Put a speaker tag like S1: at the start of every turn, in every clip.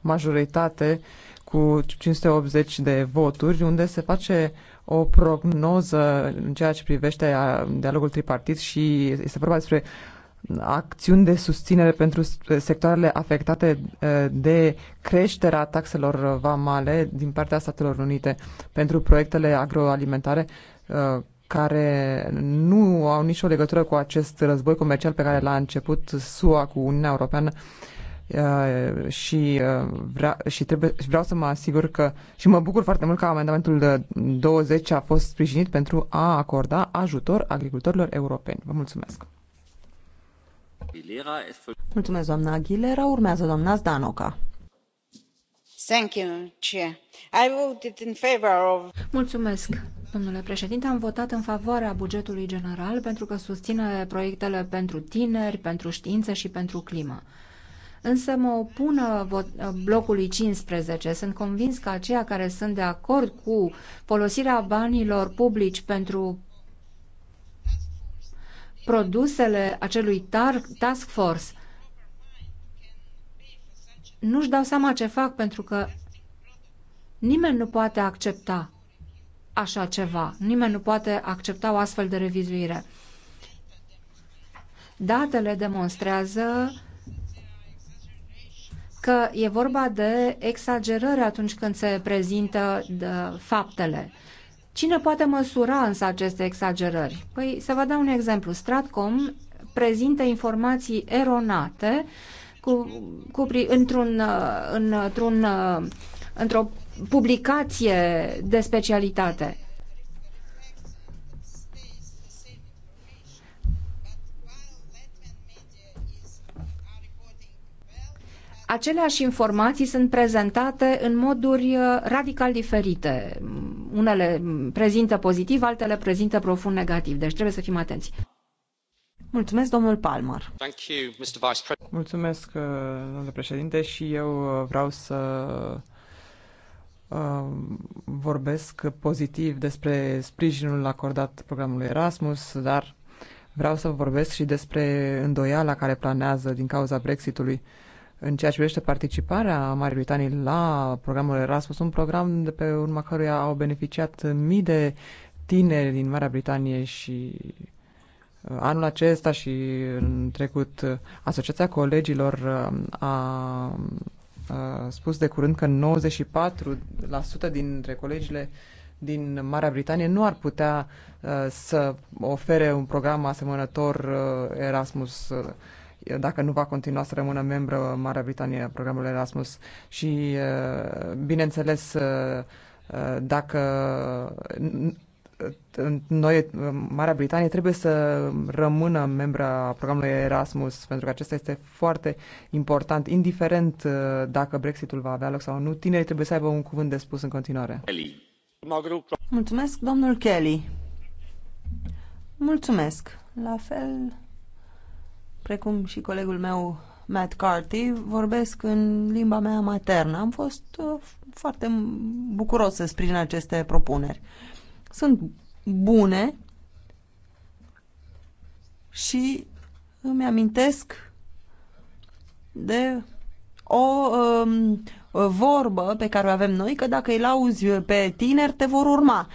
S1: majoritate cu 580 de voturi, unde se face o prognoză în ceea ce privește dialogul tripartit și este vorba despre acțiuni de susținere pentru sectoarele afectate de creșterea taxelor vamale din partea Statelor Unite pentru proiectele agroalimentare care nu au nicio legătură cu acest război comercial pe care l-a început SUA cu Uniunea Europeană Uh, și, uh, vrea, și, trebuie, și vreau să mă asigur că și mă bucur foarte mult că amendamentul 20 a fost sprijinit pentru a acorda ajutor agricultorilor europeni. Vă mulțumesc! Mulțumesc, doamna Aguilera. Urmează doamna Zdanoca.
S2: Thank you, Chair. I voted in favor of... Mulțumesc. Domnule președinte, am votat în favoarea bugetului general pentru că susține proiectele pentru tineri, pentru știință și pentru climă însă mă opun blocului 15. Sunt convins că aceia care sunt de acord cu folosirea banilor publici pentru produsele acelui task force nu-și dau seama ce fac pentru că nimeni nu poate accepta așa ceva. Nimeni nu poate accepta o astfel de revizuire. Datele demonstrează că e vorba de exagerări atunci când se prezintă faptele. Cine poate măsura însă aceste exagerări? Păi să vă dau un exemplu. Stratcom prezintă informații eronate cu, cu, într-un, într-un, într-o publicație de specialitate. aceleași informații sunt prezentate în moduri uh, radical diferite. Unele prezintă pozitiv, altele prezintă profund negativ, deci trebuie să fim atenți. Mulțumesc, domnul Palmer.
S1: Mulțumesc, uh, domnule președinte, și eu uh, vreau să vorbesc pozitiv despre sprijinul acordat programului Erasmus, dar vreau să vorbesc și despre îndoiala care planează din cauza Brexitului. ului în ceea ce privește participarea Marii Britanii la programul Erasmus, un program de pe urma căruia au beneficiat mii de tineri din Marea Britanie și uh, anul acesta și în trecut uh, Asociația Colegilor uh, a spus de curând că 94% dintre colegile din Marea Britanie nu ar putea să ofere un program asemănător Erasmus dacă nu va continua să rămână membră Marea Britanie a programului Erasmus și, bineînțeles, dacă noi, Marea Britanie trebuie să rămână membra programului Erasmus, pentru că acesta este foarte important, indiferent dacă Brexitul va avea loc sau nu, tinerii trebuie să aibă un cuvânt de spus în continuare. Kelly. Mulțumesc, domnul Kelly. Mulțumesc.
S3: La fel precum și colegul meu Matt Carty, vorbesc în limba mea maternă. Am fost uh, foarte bucuros să sprijin aceste propuneri. Sunt bune și îmi amintesc de o um, vorbă pe care o avem noi, că dacă îi lauzi pe tineri, te vor urma.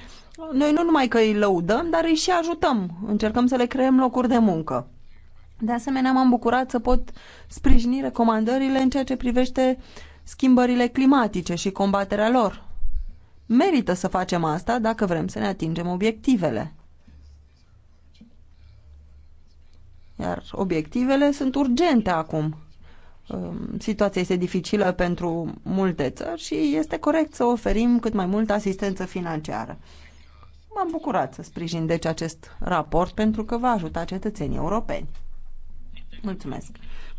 S3: Noi nu numai că îi lăudăm, dar îi și ajutăm. Încercăm să le creăm locuri de muncă. De asemenea, m-am bucurat să pot sprijini recomandările în ceea ce privește schimbările climatice și combaterea lor. Merită să facem asta dacă vrem să ne atingem obiectivele. Iar obiectivele sunt urgente acum. Um, situația este dificilă pentru multe țări și este corect să oferim cât mai multă asistență financiară. M-am bucurat să sprijin deci acest raport pentru că va ajuta cetățenii europeni. Mulțumesc.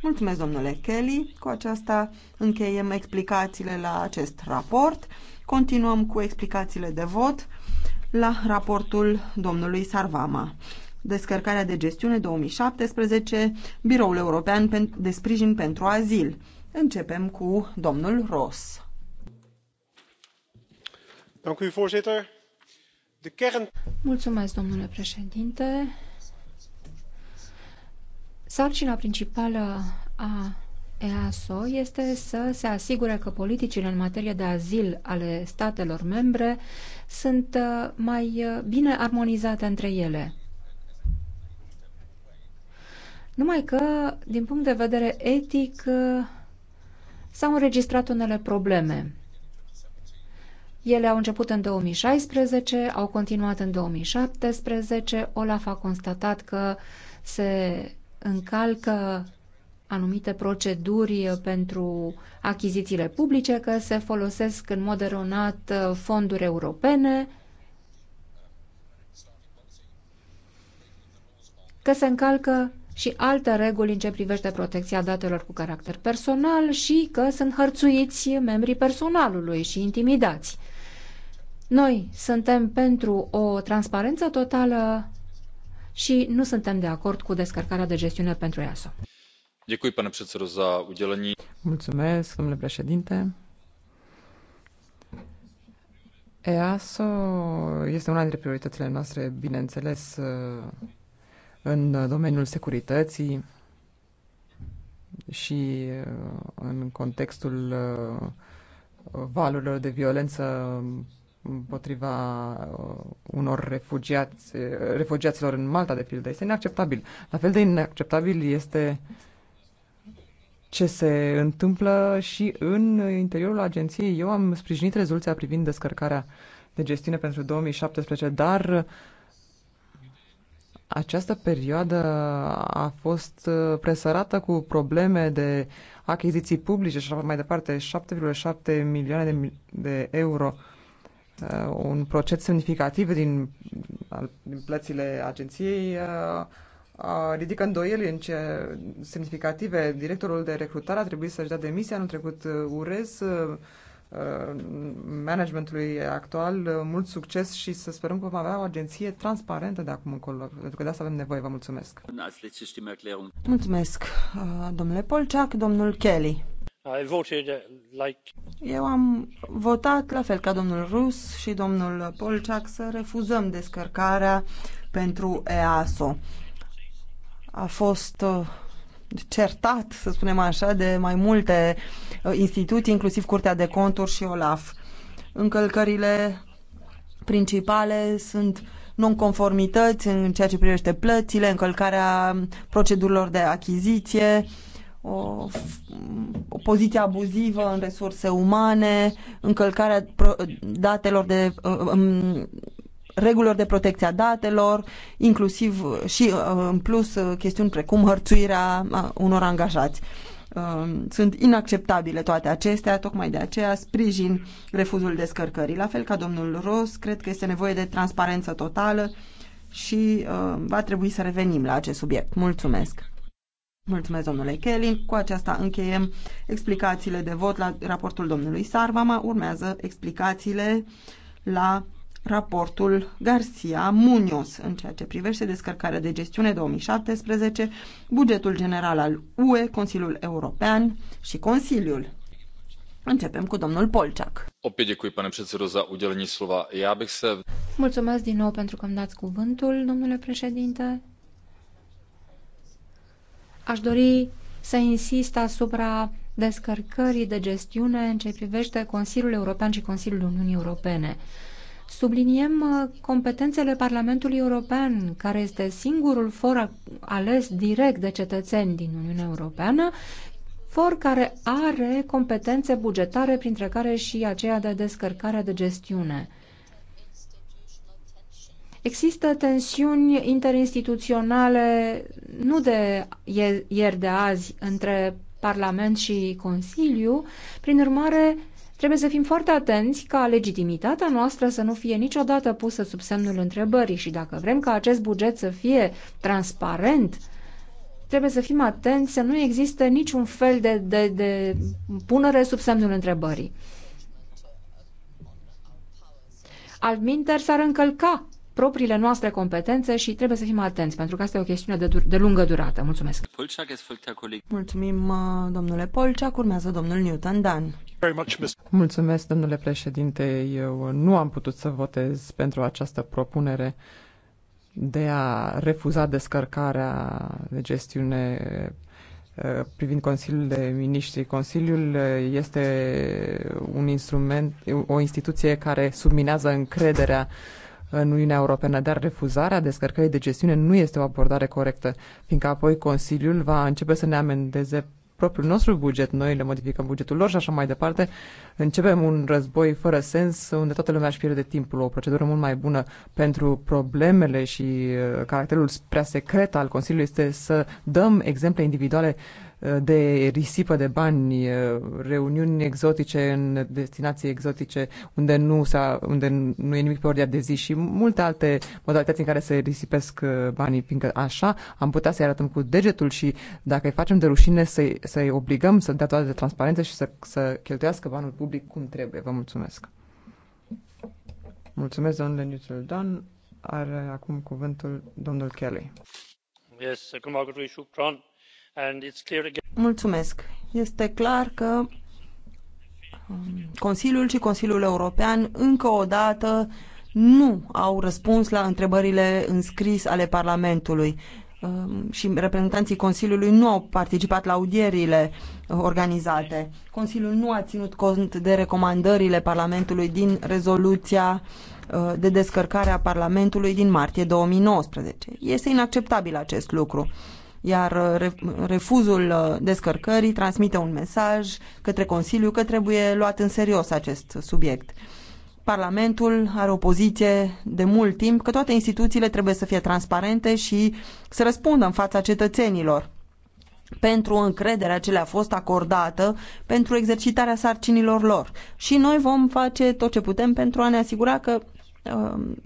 S3: Mulțumesc, domnule Kelly. Cu aceasta încheiem explicațiile la acest raport. Continuăm cu explicațiile de vot la raportul domnului Sarvama. Descărcarea de gestiune 2017, Biroul European de Sprijin pentru Azil. Începem cu domnul
S2: Ross. Mulțumesc, domnule președinte. Sarcina principală a EASO este să se asigure că politicile în materie de azil ale statelor membre sunt uh, mai uh, bine armonizate între ele. Numai că, din punct de vedere etic, uh, s-au înregistrat unele probleme. Ele au început în 2016, au continuat în 2017. Olaf a constatat că se încalcă anumite proceduri pentru achizițiile publice, că se folosesc în mod eronat fonduri europene, că se încalcă și alte reguli în ce privește protecția datelor cu caracter personal și că sunt hărțuiți membrii personalului și intimidați. Noi suntem pentru o transparență totală și nu suntem de acord cu descărcarea de gestiune pentru EASO. Mulțumesc,
S1: domnule președinte. EASO este una dintre prioritățile noastre, bineînțeles, în domeniul securității și în contextul uh, valurilor de violență împotriva uh, unor refugiați, uh, refugiaților în Malta, de pildă. Este inacceptabil. La fel de inacceptabil este ce se întâmplă și în interiorul agenției. Eu am sprijinit rezoluția privind descărcarea de gestiune pentru 2017, dar această perioadă a fost uh, presărată cu probleme de achiziții publice și așa mai departe, 7,7 milioane de, de euro Uh, un proces semnificativ din, din plățile agenției uh, ridică îndoieli în ce semnificative. Directorul de recrutare a trebuit să-și dea demisia anul trecut. Uh, urez managementului actual mult succes și să sperăm că vom avea o agenție transparentă de acum încolo, pentru că de asta avem nevoie. Vă mulțumesc! Mulțumesc, domnule Polceac, domnul Kelly.
S3: Uh, Eu am votat, la fel ca domnul Rus și domnul Polciac, să refuzăm descărcarea pentru EASO. A fost uh, certat, să spunem așa, de mai multe uh, instituții, inclusiv Curtea de Conturi și OLAF. Încălcările principale sunt nonconformități în ceea ce privește plățile, încălcarea procedurilor de achiziție, uh, o, o poziție abuzivă în resurse umane, încălcarea datelor de uh, um, regulilor de protecție a datelor, inclusiv și uh, în plus uh, chestiuni precum hărțuirea unor angajați. Sunt inacceptabile toate acestea, tocmai de aceea sprijin refuzul descărcării. La fel ca domnul Ros, cred că este nevoie de transparență totală și va trebui să revenim la acest subiect. Mulțumesc! Mulțumesc, domnule Kelly. Cu aceasta încheiem explicațiile de vot la raportul domnului Sarvama. Urmează explicațiile la raportul Garcia Munoz în ceea ce privește descărcarea de gestiune 2017, bugetul general al UE, Consiliul European și Consiliul.
S2: Începem cu domnul Polciac.
S3: Opět děkuji, pane předsedo, za udělení slova. Já bych se...
S2: Mulțumesc din nou pentru că îmi dați cuvântul, domnule președinte. Aș dori să insist asupra descărcării de gestiune în ce privește Consiliul European și Consiliul Uniunii Europene. Subliniem uh, competențele Parlamentului European, care este singurul for ales direct de cetățeni din Uniunea Europeană, for care are competențe bugetare, printre care și aceea de descărcare de gestiune. Există tensiuni interinstituționale nu de ieri de azi între Parlament și Consiliu, prin urmare trebuie să fim foarte atenți ca legitimitatea noastră să nu fie niciodată pusă sub semnul întrebării și dacă vrem ca acest buget să fie transparent, trebuie să fim atenți să nu există niciun fel de, de, de punere sub semnul întrebării. Alminter s-ar încălca propriile noastre competențe și trebuie să fim atenți, pentru că asta e o chestiune de, de lungă durată. Mulțumesc! Mulțumim, uh, domnule Polciac. Urmează domnul Newton Dan.
S1: Mulțumesc, domnule președinte. Eu nu am putut să votez pentru această propunere de a refuza descărcarea de gestiune uh, privind Consiliul de Miniștri. Consiliul uh, este un instrument, o instituție care subminează încrederea uh, în Uniunea Europeană, dar refuzarea descărcării de gestiune nu este o abordare corectă, fiindcă apoi Consiliul va începe să ne amendeze propriul nostru buget, noi le modificăm bugetul lor și așa mai departe. Începem un război fără sens unde toată lumea își pierde timpul, o procedură mult mai bună pentru problemele și uh, caracterul prea secret al Consiliului este să dăm exemple individuale de risipă de bani, uh, reuniuni exotice în destinații exotice unde nu, s-a, unde nu e nimic pe ordinea de zi și multe alte modalități în care se risipesc uh, banii, fiindcă așa am putea să-i arătăm cu degetul și dacă îi facem de rușine să-i, să-i obligăm să dea toate de transparență și să, să cheltuiască banul public cum trebuie. Vă mulțumesc! Mulțumesc, domnule Newton Dan. Are acum cuvântul domnul Kelly.
S3: Yes, Mulțumesc. Este clar că um, Consiliul și Consiliul European încă o dată nu au răspuns la întrebările înscris ale Parlamentului um, și reprezentanții Consiliului nu au participat la audierile organizate. Consiliul nu a ținut cont de recomandările Parlamentului din rezoluția uh, de descărcare a Parlamentului din martie 2019. Este inacceptabil acest lucru iar uh, refuzul uh, descărcării transmite un mesaj către Consiliu că trebuie luat în serios acest subiect. Parlamentul are o poziție de mult timp că toate instituțiile trebuie să fie transparente și să răspundă în fața cetățenilor pentru încrederea ce le-a fost acordată pentru exercitarea sarcinilor lor. Și noi vom face tot ce putem pentru a ne asigura că uh,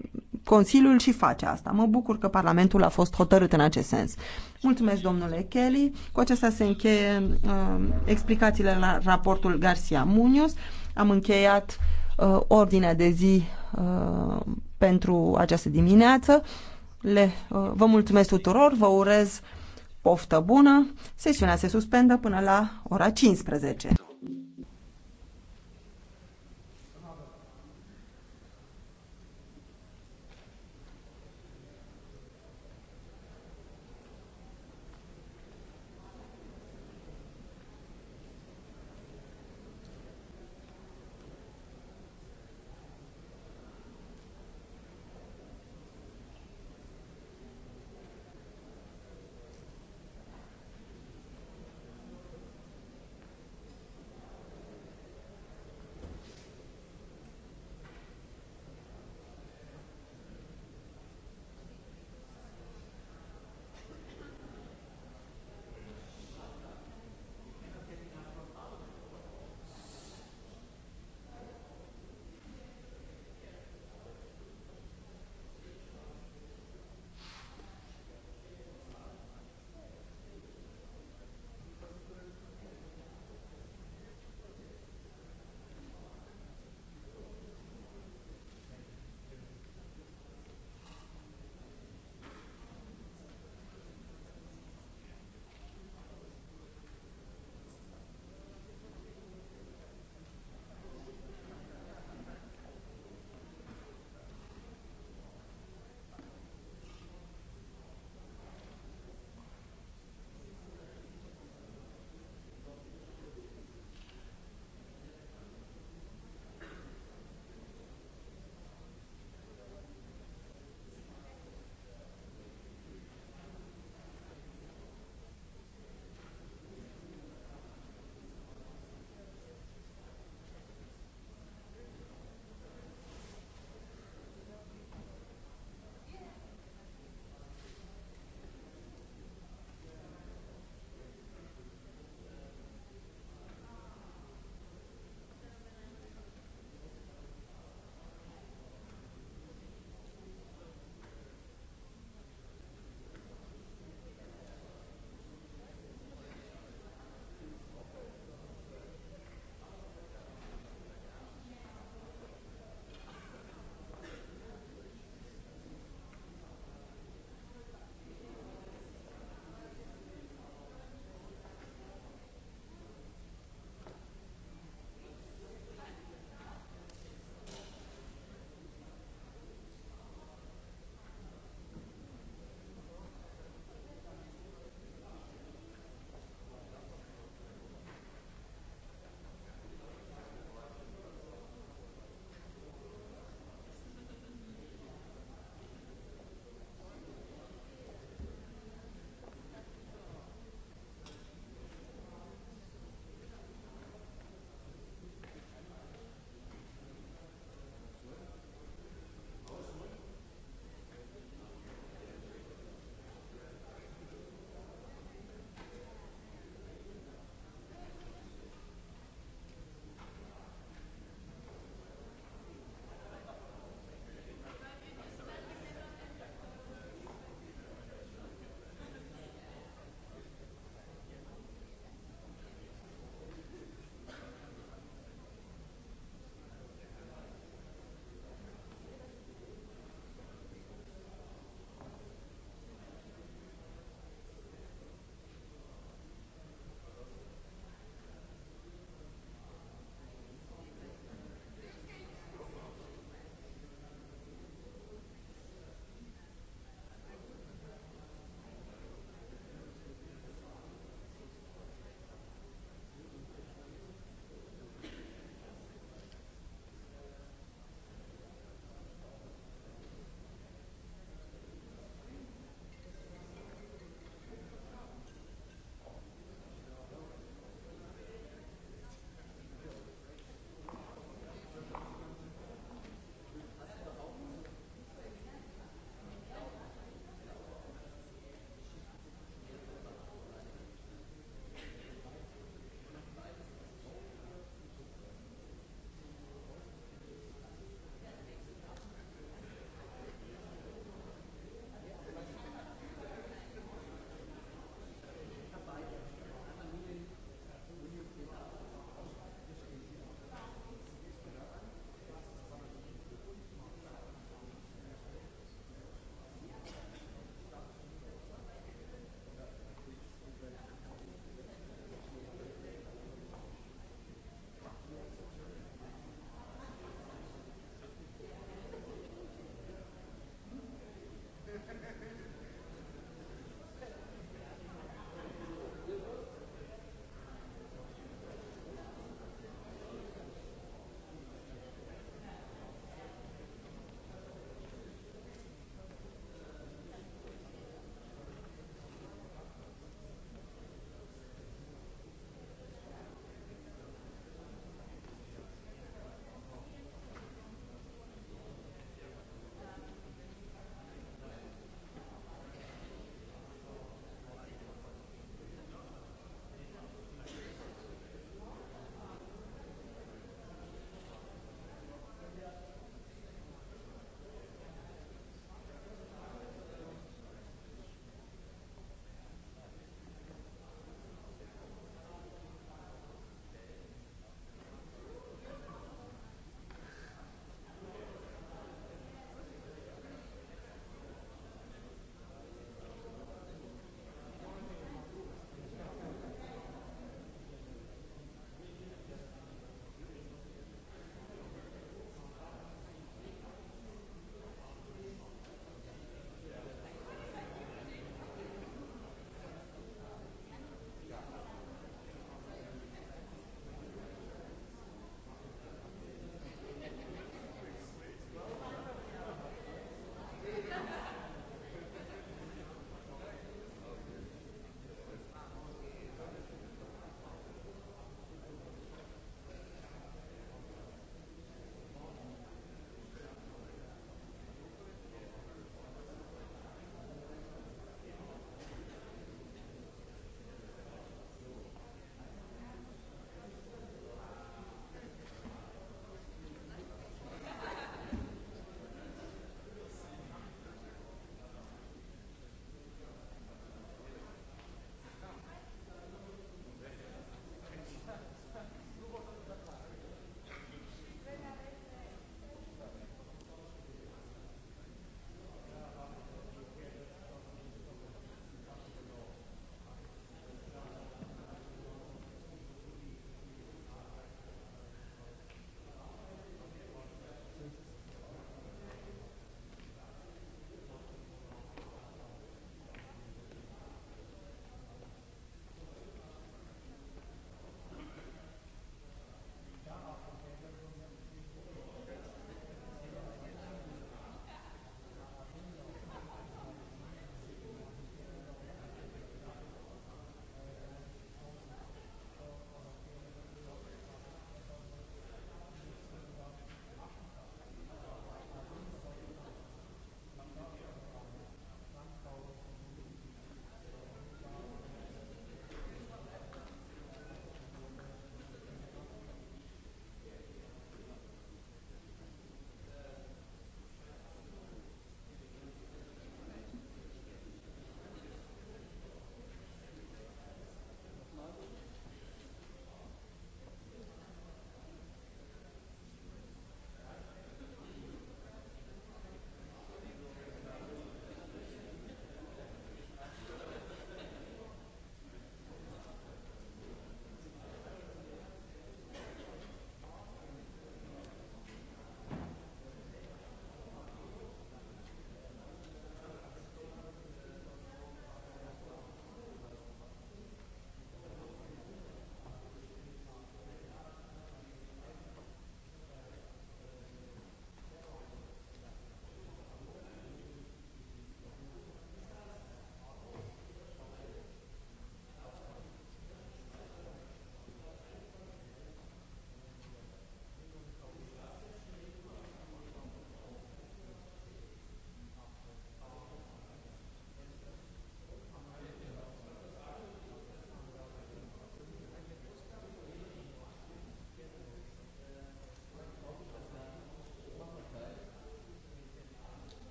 S3: Consiliul și face asta. Mă bucur că Parlamentul a fost hotărât în acest sens. Mulțumesc, domnule Kelly. Cu acesta se încheie uh, explicațiile la raportul Garcia Munoz. Am încheiat uh, ordinea de zi uh, pentru această dimineață. Le, uh, vă mulțumesc tuturor, vă urez poftă bună. Sesiunea se suspendă până la ora 15.